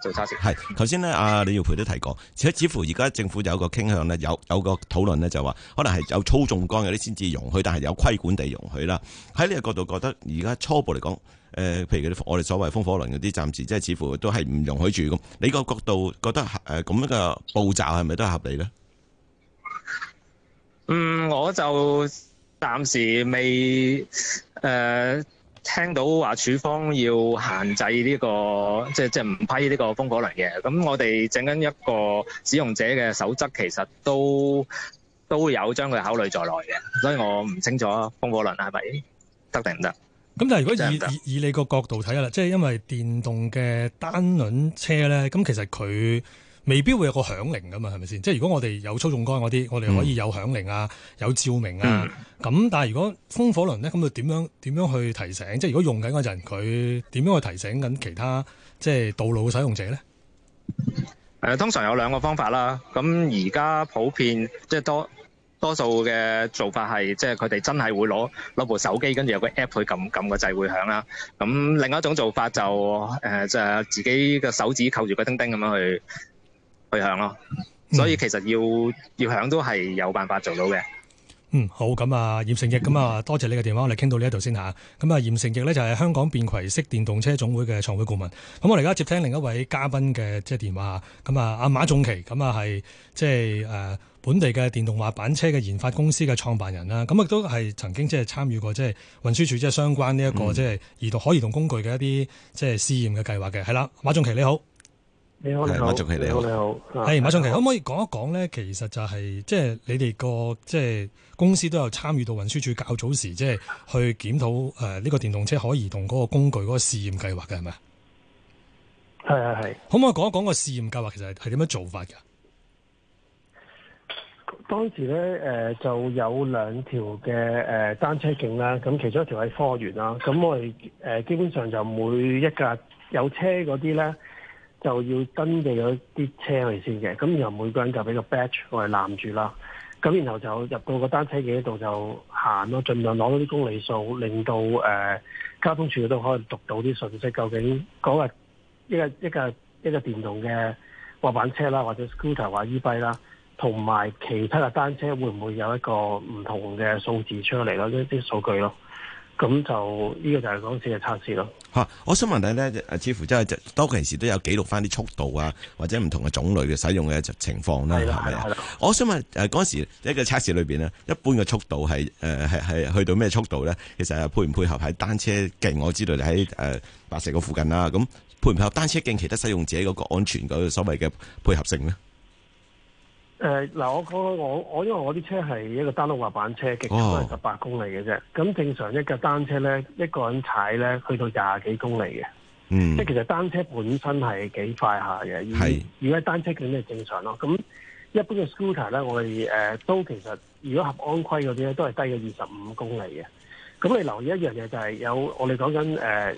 做測試係頭先呢， (laughs) 啊，李耀培都提過，且似乎而家政府有個傾向呢，有有個討論呢，就話可能係有操縱杆嗰啲先至容許，但係有規管地容許啦。喺呢個角度覺得而家初步嚟講，誒、呃、譬如我哋所謂風火輪嗰啲暫時，即係似乎都係唔容許住咁。你個角度覺得誒咁、呃、樣嘅步驟係咪都係合理呢？嗯，我就暫時未誒、呃、聽到話處方要限制呢個，即係即係唔批呢個風火輪嘅。咁我哋整緊一個使用者嘅守則，其實都都有將佢考慮在內嘅。所以我唔清楚風火輪係咪得定唔得？咁但係如果以行以，以你個角度睇下啦，即係因為電動嘅單輪車咧，咁其實佢。未必會有個響鈴㗎嘛，係咪先？即係如果我哋有操縱杆嗰啲，我哋可以有響鈴啊，嗯、有照明啊。咁、嗯、但係如果風火輪咧，咁佢點樣點樣去提醒？即係如果用緊嗰陣，佢點樣去提醒緊其他即係道路使用者咧、呃？通常有兩個方法啦。咁而家普遍即係多多數嘅做法係即係佢哋真係會攞攞部手機，跟住有個 app 去撳撳個掣會響啦。咁另一種做法就誒、係、就、呃、自己個手指扣住個叮叮咁樣去。去向咯，所以其實要要響都係有辦法做到嘅。嗯，好，咁啊，嚴丞翊，咁啊，多謝你嘅電話，我哋傾到呢一度先吓。咁啊，嚴丞翊呢就係、是、香港便攜式電動車總會嘅創會顧問。咁我哋而家接聽另一位嘉賓嘅即係電話。咁啊，阿馬頌棋咁啊係即係誒、呃、本地嘅電動滑板車嘅研發公司嘅創辦人啦。咁啊都係曾經參與即係參與過即係運輸署即係相關呢、這、一個、嗯、即係移動可移動工具嘅一啲即係試驗嘅計劃嘅。係啦，馬頌棋你好。係馬頌棋你好，是你好。係馬頌棋，仲可唔可以講一講咧？嗯、其實就係即係你哋個即係公司都有參與到運輸署較早時，即、就、係、是、去檢討誒呢個電動車可移動嗰個工具嗰個試驗計劃嘅係咪？係係係。可唔可以講一講個試驗計劃？其實係點樣做法噶？當時咧誒、呃、就有兩條嘅誒單車徑啦，咁其中一條係科園啦。咁我哋誒、呃、基本上就每一架有車嗰啲咧。就要登記咗啲車去先嘅，咁然後每個人就俾個 batch 嚟攬住啦，咁然後就入到個單車嘅度就行咯，盡量攞到啲公里數，令到、呃、交通處都可以讀到啲信息，究竟嗰個一個一個一個電動嘅滑板車啦，或者 scooter 或 e-bike 啦，同埋其他嘅單車會唔會有一個唔同嘅數字出嚟咯？呢、就、啲、是、數據咯。咁就呢、這個就係嗰次嘅測試咯。吓、啊，我想問你咧，似乎即係多期時都有記錄翻啲速度啊，或者唔同嘅種類嘅使用嘅情況啦，係咪啊？我想問，誒，嗰時一個測試裏邊咧，一般嘅速度係誒係係去到咩速度咧？其實配唔配合喺單車徑？我知道你喺誒白石個附近啦，啊。咁配唔配合單車徑其他使用者嗰個安全嗰個所謂嘅配合性咧？誒，嗱、呃，我講我我因為我啲車係一個單轆滑板車，極速係十八公里嘅啫。咁、oh. 正常一架單車咧，一個人踩咧去到廿幾公里嘅，即係、mm. 其實單車本身係幾快下嘅。係，如果是單車咁係正常咯。咁一般嘅 scooter 咧，我哋誒、呃、都其實如果合安規嗰啲咧，都係低過二十五公里嘅。咁你留意一樣嘢就係、是、有我哋講緊誒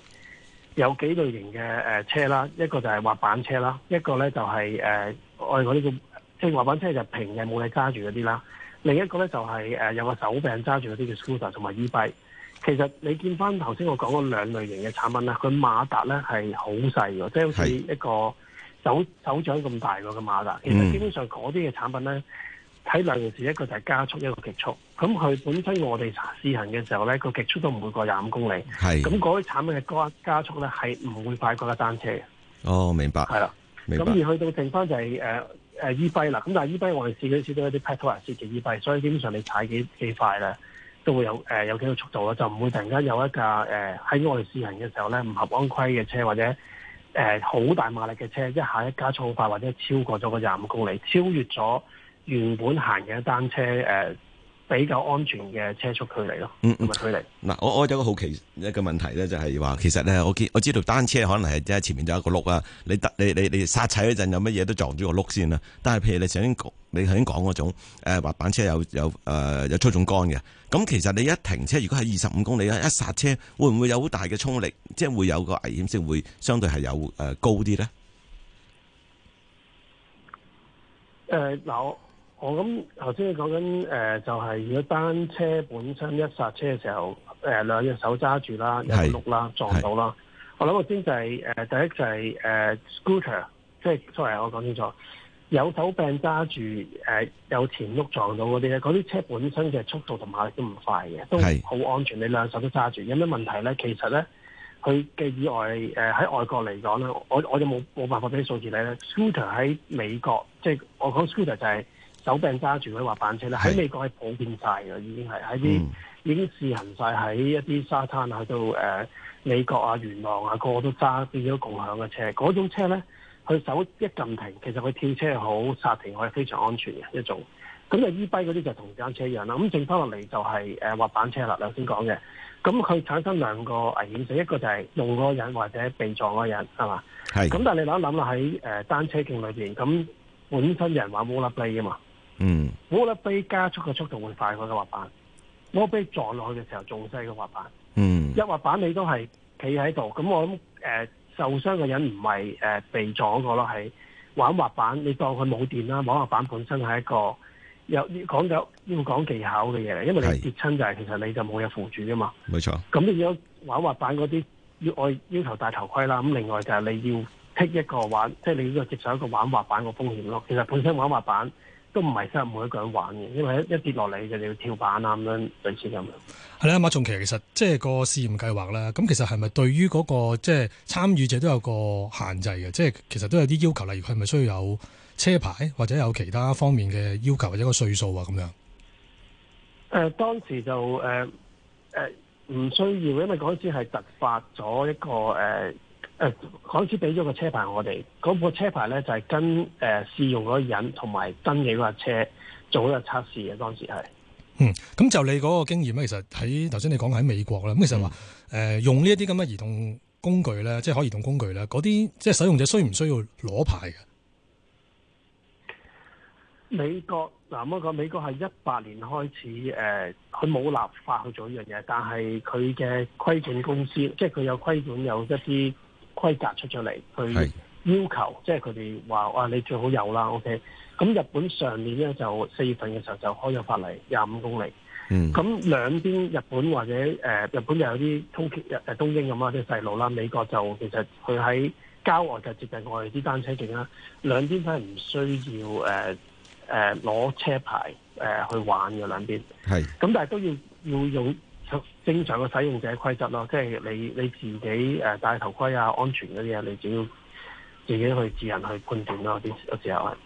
有幾類型嘅誒、呃、車啦，一個就係滑板車啦，一個咧就係、是、誒、呃、我哋呢個。即係滑板車就平嘅冇嘢揸住嗰啲啦，另一個咧就係、是、誒、呃、有個手柄揸住嗰啲叫 Scooter 同埋、e、bike。其實你見翻頭先我講嗰兩類型嘅產品咧，佢馬達咧係好細嘅，即係好似一個手是手掌咁大個嘅馬達。其實基本上嗰啲嘅產品咧，睇兩件事，一個就係加速，一個極速。咁佢本身我哋試行嘅時候咧，個極速都唔會過廿五公里。係，咁嗰啲產品嘅加加速咧係唔會快過架單車。哦，明白。係啦了，咁白而去到剩翻就係、是、誒。呃誒 e-bike 啦，咁、啊 e、但係 e-bike 我哋試嗰次都有啲 petrol 人設嘅 e-bike，所以基本上你踩幾幾快咧，都會有誒、呃、有幾個速度啦，就唔會突然間有一架誒喺我哋試行嘅時候咧唔合安規嘅車，或者誒好、呃、大馬力嘅車一下一加速快或者超過咗個廿五公里，超越咗原本行嘅單車誒。呃比較安全嘅車速距離咯，咁嘅距離。嗱、嗯嗯，我我有一個好奇一個問題咧，就係話，其實咧，我知我知道單車可能係即係前面就有一個碌啊，你得你你你剎掣嗰陣有乜嘢都撞住個碌先啦。但係譬如你頭先講，你頭先講嗰種誒滑板車有有誒、呃、有操縱杆嘅，咁其實你一停車，如果係二十五公里，一剎車會唔會有好大嘅衝力，即、就、係、是、會有個危險性會相對係有誒高啲咧？誒有。呃我咁頭先講緊誒，就係如果單車本身一刹車嘅時候，誒、呃、兩隻手揸住啦，有碌啦，撞到啦。我諗頭先就係、是、誒、呃，第一就係、是、誒、呃、scooter，即係 sorry，我講清楚，有手柄揸住誒有前碌撞到嗰啲咧，嗰啲車本身嘅速度同埋都唔快嘅，都好安全，你兩手都揸住，有咩問題咧？其實咧，佢嘅意外誒喺、呃、外國嚟講咧，我我就冇冇辦法俾啲數字你咧。scooter 喺美國，即係我講 scooter 就係、是。手柄揸住佢滑板車咧，喺美國係普遍晒嘅，已經係喺啲已經試行晒喺一啲沙灘喺去到、呃、美國啊、元朗啊，個個都揸變咗共享嘅車。嗰種車咧，佢手一撳停，其實佢跳車好、剎停，我係非常安全嘅一種。咁啊、e，E-Bike 嗰啲就同單車一樣啦。咁剩翻落嚟就係滑板車啦，頭先講嘅。咁佢產生兩個危險性，一個就係用嗰個人或者被撞嗰人係是 嘛？咁但係你諗一諗啦，喺誒單車徑裏面，咁本身人玩烏拉拉啊嘛～嗯，我覺得加速嘅速度會快過個滑板，我俾撞落去嘅時候仲細嘅滑板。嗯，一滑板你都係企喺度，咁我諗誒、呃、受傷嘅人唔係誒被撞個咯，係玩滑板你當佢冇電啦。玩滑板本身係一個有講咗要講技巧嘅嘢嚟，因為你跌親就係、是、是其實你就冇嘢扶住噶嘛。冇錯，咁你要玩滑板嗰啲要我要求戴頭盔啦。咁另外就係你要剔一個玩，即、就、係、是、你要接受一個玩滑板嘅風險咯。其實本身玩滑板，都唔係真係每一個人玩嘅，因為一跌落嚟就你要跳板啊咁樣類似咁樣。係啦，馬頌棋其實即係、就是、個試驗計劃啦。咁其實係咪對於嗰、那個即係、就是、參與者都有個限制嘅？即、就、係、是、其實都有啲要求，例如佢係咪需要有車牌或者有其他方面嘅要求或者個歲數啊咁樣？誒、呃，當時就誒誒唔需要，因為嗰陣時係突發咗一個誒。呃誒，嗰、呃、次俾咗個車牌我哋，嗰個車牌咧就係、是、跟誒試、呃、用嗰個人同埋登記嗰架車做一個測試嘅，當時係。嗯，咁就你嗰個經驗咧，其實喺頭先你講喺美國啦，咁其實話誒、嗯呃、用呢一啲咁嘅移動工具咧，即係可移動工具呢，嗰啲即係使，使用者需唔需要攞牌？美國嗱，我、呃、講美國係一八年開始誒，佢、呃、冇立法去做呢樣嘢，但係佢嘅規管公司，即係佢有規管有一啲。規格出咗嚟，去要求，是即係佢哋話：哇、啊，你最好有啦，OK。咁日本上年咧就四月份嘅時候就開咗法例廿五公里。咁、嗯、兩邊日本或者誒、呃、日本又有啲東京咁啊，即係細路啦，美國就其實佢喺郊外就接近外邊啲單車徑啦。兩邊都係唔需要誒誒攞車牌誒、呃、去玩嘅兩邊。係是。咁但係都要要用。正常嘅使用者規則咯，即係你你自己誒戴頭盔啊，安全嗰啲啊，你只要自己去自行去判斷咯，啲時候啊。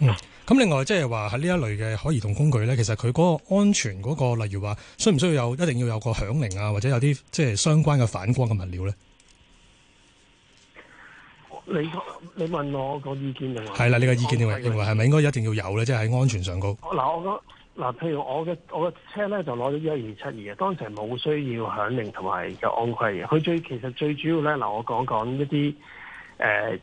嗯，咁另外即係話喺呢一類嘅可移動工具咧，其實佢嗰個安全嗰個，例如話需唔需要有一定要有個響鈴啊，或者有啲即係相關嘅反光嘅物料咧？你你問我個意，意見認為係啦，你個意見認為認為係咪應該一定要有咧？即係喺安全上高嗱，我。嗱，譬如我嘅我嘅車咧，就攞咗一二七二嘅，當時冇需要響鈴同埋有安規嘅。佢最其實最主要咧，嗱，我講講一啲誒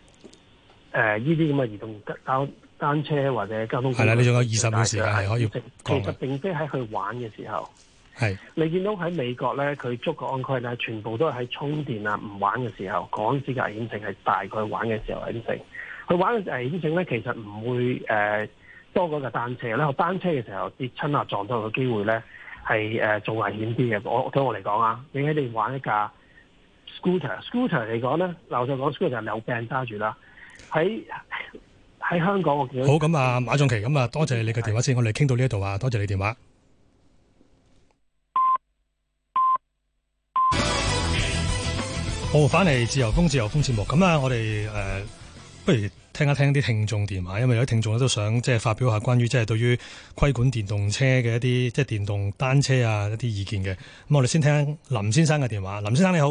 誒依啲咁嘅移動交單車或者交通。係啦，你仲有二十秒時間係可以，其實並非喺佢玩嘅時候，係的你見到喺美國咧，佢捉個安規咧，全部都係喺充電啊，唔玩嘅時候港之嘅危險性係大概玩嘅時候危險性。佢玩嘅危險性咧，其實唔會誒。呃多嗰架單車咧，單車嘅時候跌親啊撞到嘅機會咧，係誒仲危險啲嘅。我對我嚟講啊，你喺度玩一架 scooter，scooter 嚟講咧，樓上講 scooter 有病揸住啦。喺喺香港我見到好咁啊，那馬頌棋咁啊，多謝，謝你嘅電話先是我哋傾到呢一度啊，多謝，謝你的電話。 (noise) 好，翻嚟自由風自由風節目，咁啊，我哋誒。不如聽一聽啲聽,聽眾電話，因為有啲聽眾咧都想即係發表下關於即係對於規管電動車嘅一啲即係電動單車啊一啲意見嘅。咁我哋先聽,聽林先生嘅電話。林先生你好，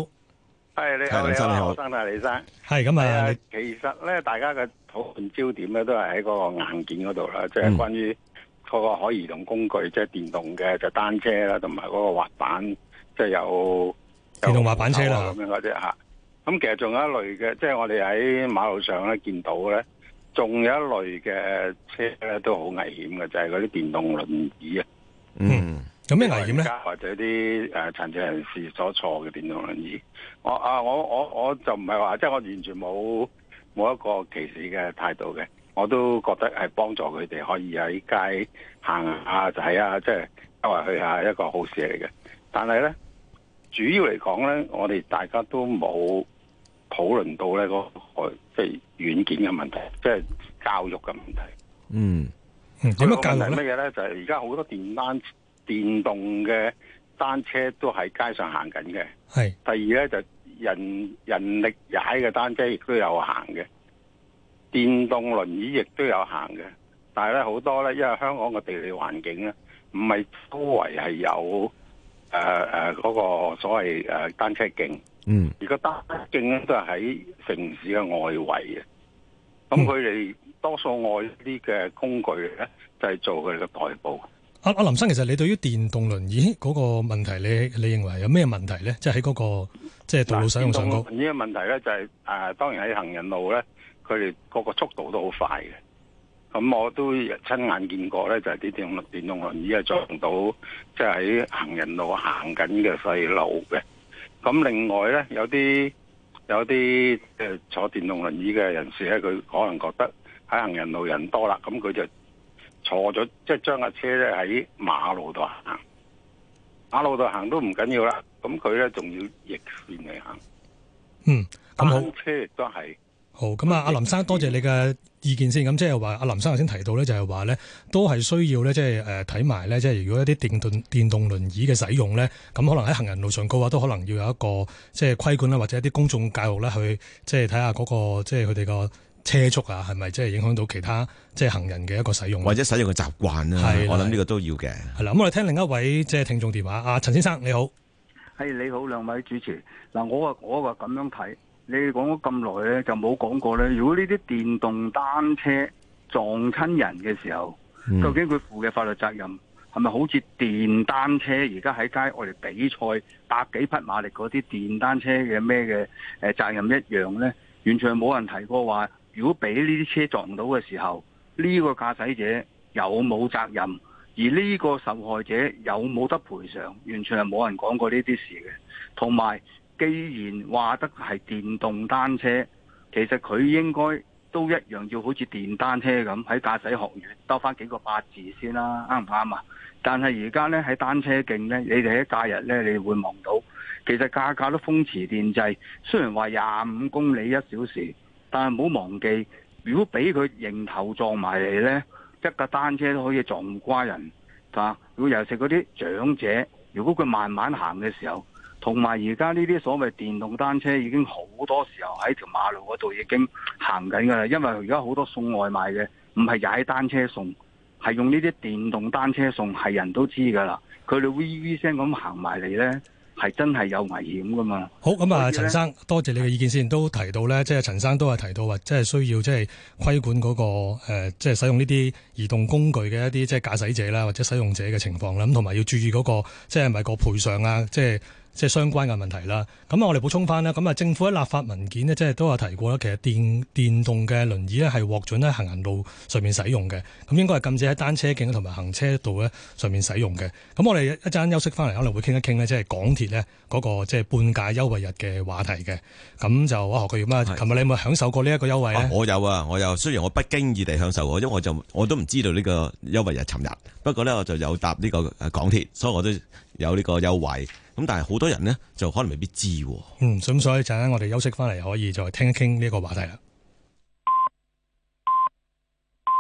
係你好，林生你好，生大李生，係咁啊。其實咧，大家嘅討論焦點咧都係喺嗰個硬件嗰度啦，即係、嗯、關於個個可移動工具，即係電動嘅就單車啦，同埋嗰個滑板，即係有電動滑板車啦咁樣啲吓。啊咁其實仲有一類嘅，即係我哋喺馬路上咧見到咧，仲有一類嘅車咧都好危險嘅，就係嗰啲電動輪椅啊。嗯，有咩危險咧？或者啲誒殘障人士所坐嘅電動輪椅，我啊，我我我就唔係話，即係我完全冇冇一個歧視嘅態度嘅，我都覺得係幫助佢哋可以喺街行下仔啊，即係都係去一下一個好事嚟嘅。但係咧，主要嚟講咧，我哋大家都冇。討論到咧嗰，即係軟件嘅問題，即係教育嘅問題。嗯，點樣乜嘢咧？就係而家好多電單電動嘅單車都喺街上行緊嘅。係。第二咧就人人力踩嘅單車亦都有行嘅，電動輪椅亦都有行嘅。但係咧好多咧，因為香港嘅地理環境咧，唔係周圍係有誒誒嗰個所謂誒、呃、單車徑。嗯，而家單徑咧都係喺城市嘅外圍嘅，咁佢哋多數外啲嘅工具咧就係做佢哋嘅代步。阿阿林生，其實你對於電動輪椅嗰個問題，你你認為有咩問題咧？即係喺嗰個即係、就是、道路使用上高。電動輪椅嘅問題咧就係、是、誒、啊，當然喺行人路咧，佢哋嗰個速度都好快嘅，咁、嗯、我都親眼見過咧，就係啲電動電動輪椅係撞到即係喺行人路行緊嘅細路嘅。咁另外咧，有啲有啲誒、呃、坐電動輪椅嘅人士咧，佢可能覺得喺行人路人多啦，咁佢就坐咗，即係將架車咧喺馬路度行，馬路度行都唔緊要啦。咁佢咧仲要逆線嚟行，嗯，咁好，車亦都係。好咁啊，阿、嗯、林生，嗯、多謝你嘅意見先。咁即係話，阿林生頭先提到咧，就係話咧，都係需要咧，即係誒睇埋咧，即係如果一啲電動電動輪椅嘅使用咧，咁可能喺行人路上高嘅話，都可能要有一個即係規管啦，或者一啲公眾教育咧，去即係睇下嗰個即係佢哋個車速啊，係咪即係影響到其他即係、就是、行人嘅一個使用，或者使用嘅習慣係，的我諗呢個都要嘅。係啦，咁我哋聽另一位即係、就是、聽眾電話，阿、啊、陳先生你好。係、hey，你好，兩位主持。嗱，我啊，我話咁樣睇。你哋講咗咁耐咧，就冇講過咧。如果呢啲電動單車撞親人嘅時候，究竟佢負嘅法律責任係咪好似電單車而家喺街用嚟比賽百幾匹馬力嗰啲電單車嘅咩嘅誒責任一樣呢？完全係冇人提過話。如果俾呢啲車撞到嘅時候，呢、呢個駕駛者有冇責任？而呢個受害者有冇得賠償？完全係冇人講過呢啲事嘅。同埋。既然話得係電動單車，其實佢應該都一樣要好似電單車咁喺駕駛學院兜翻幾個八字先啦，啱唔啱啊？對對但係而家呢，喺單車徑呢，你哋喺假日呢，你會望到其實價格都風馳電掣。雖然話廿五公里一小時，但係唔好忘記，如果俾佢迎頭撞埋嚟呢，一架單車都可以撞瓜人，係嘛？如果尤其是嗰啲長者，如果佢慢慢行嘅時候。同埋而家呢啲所謂電動單車已經好多時候喺條馬路嗰度已經行緊㗎啦，因為而家好多送外賣嘅唔係踩單車送，係用呢啲電動單車送，係人都知㗎啦。佢哋 V V 聲咁行埋嚟呢，係真係有危險㗎嘛。好，咁啊，陳生多謝你嘅意見先，都提到呢，即係陳生都係提到話即係需要即係規管嗰個、呃、即係使用呢啲移動工具嘅一啲即係駕駛者啦，或者使用者嘅情況啦，同埋要注意嗰個即係咪個賠償啊，即係。即係相關嘅問題啦。咁啊，我哋補充翻啦。咁啊，政府喺立法文件呢，即係都有提過啦。其實電電動嘅輪椅咧，係獲准喺行人路上面使用嘅。咁應該係禁止喺單車徑同埋行車道咧上面使用嘅。咁我哋一陣休息翻嚟，可能會傾一傾咧，即係港鐵咧嗰個即係半價優惠日嘅話題嘅。咁就我何巨業咩琴日你有冇享受過呢一個優惠咧、啊？我有啊，我有。雖然我不經意地享受過，因為我就我都唔知道呢個優惠日尋日。不過咧，我就有搭呢個港鐵，所以我都有呢個優惠。咁但係好多人咧就可能未必知，嗯，咁所以陣間我哋休息翻嚟可以再傾一傾呢個話題啦。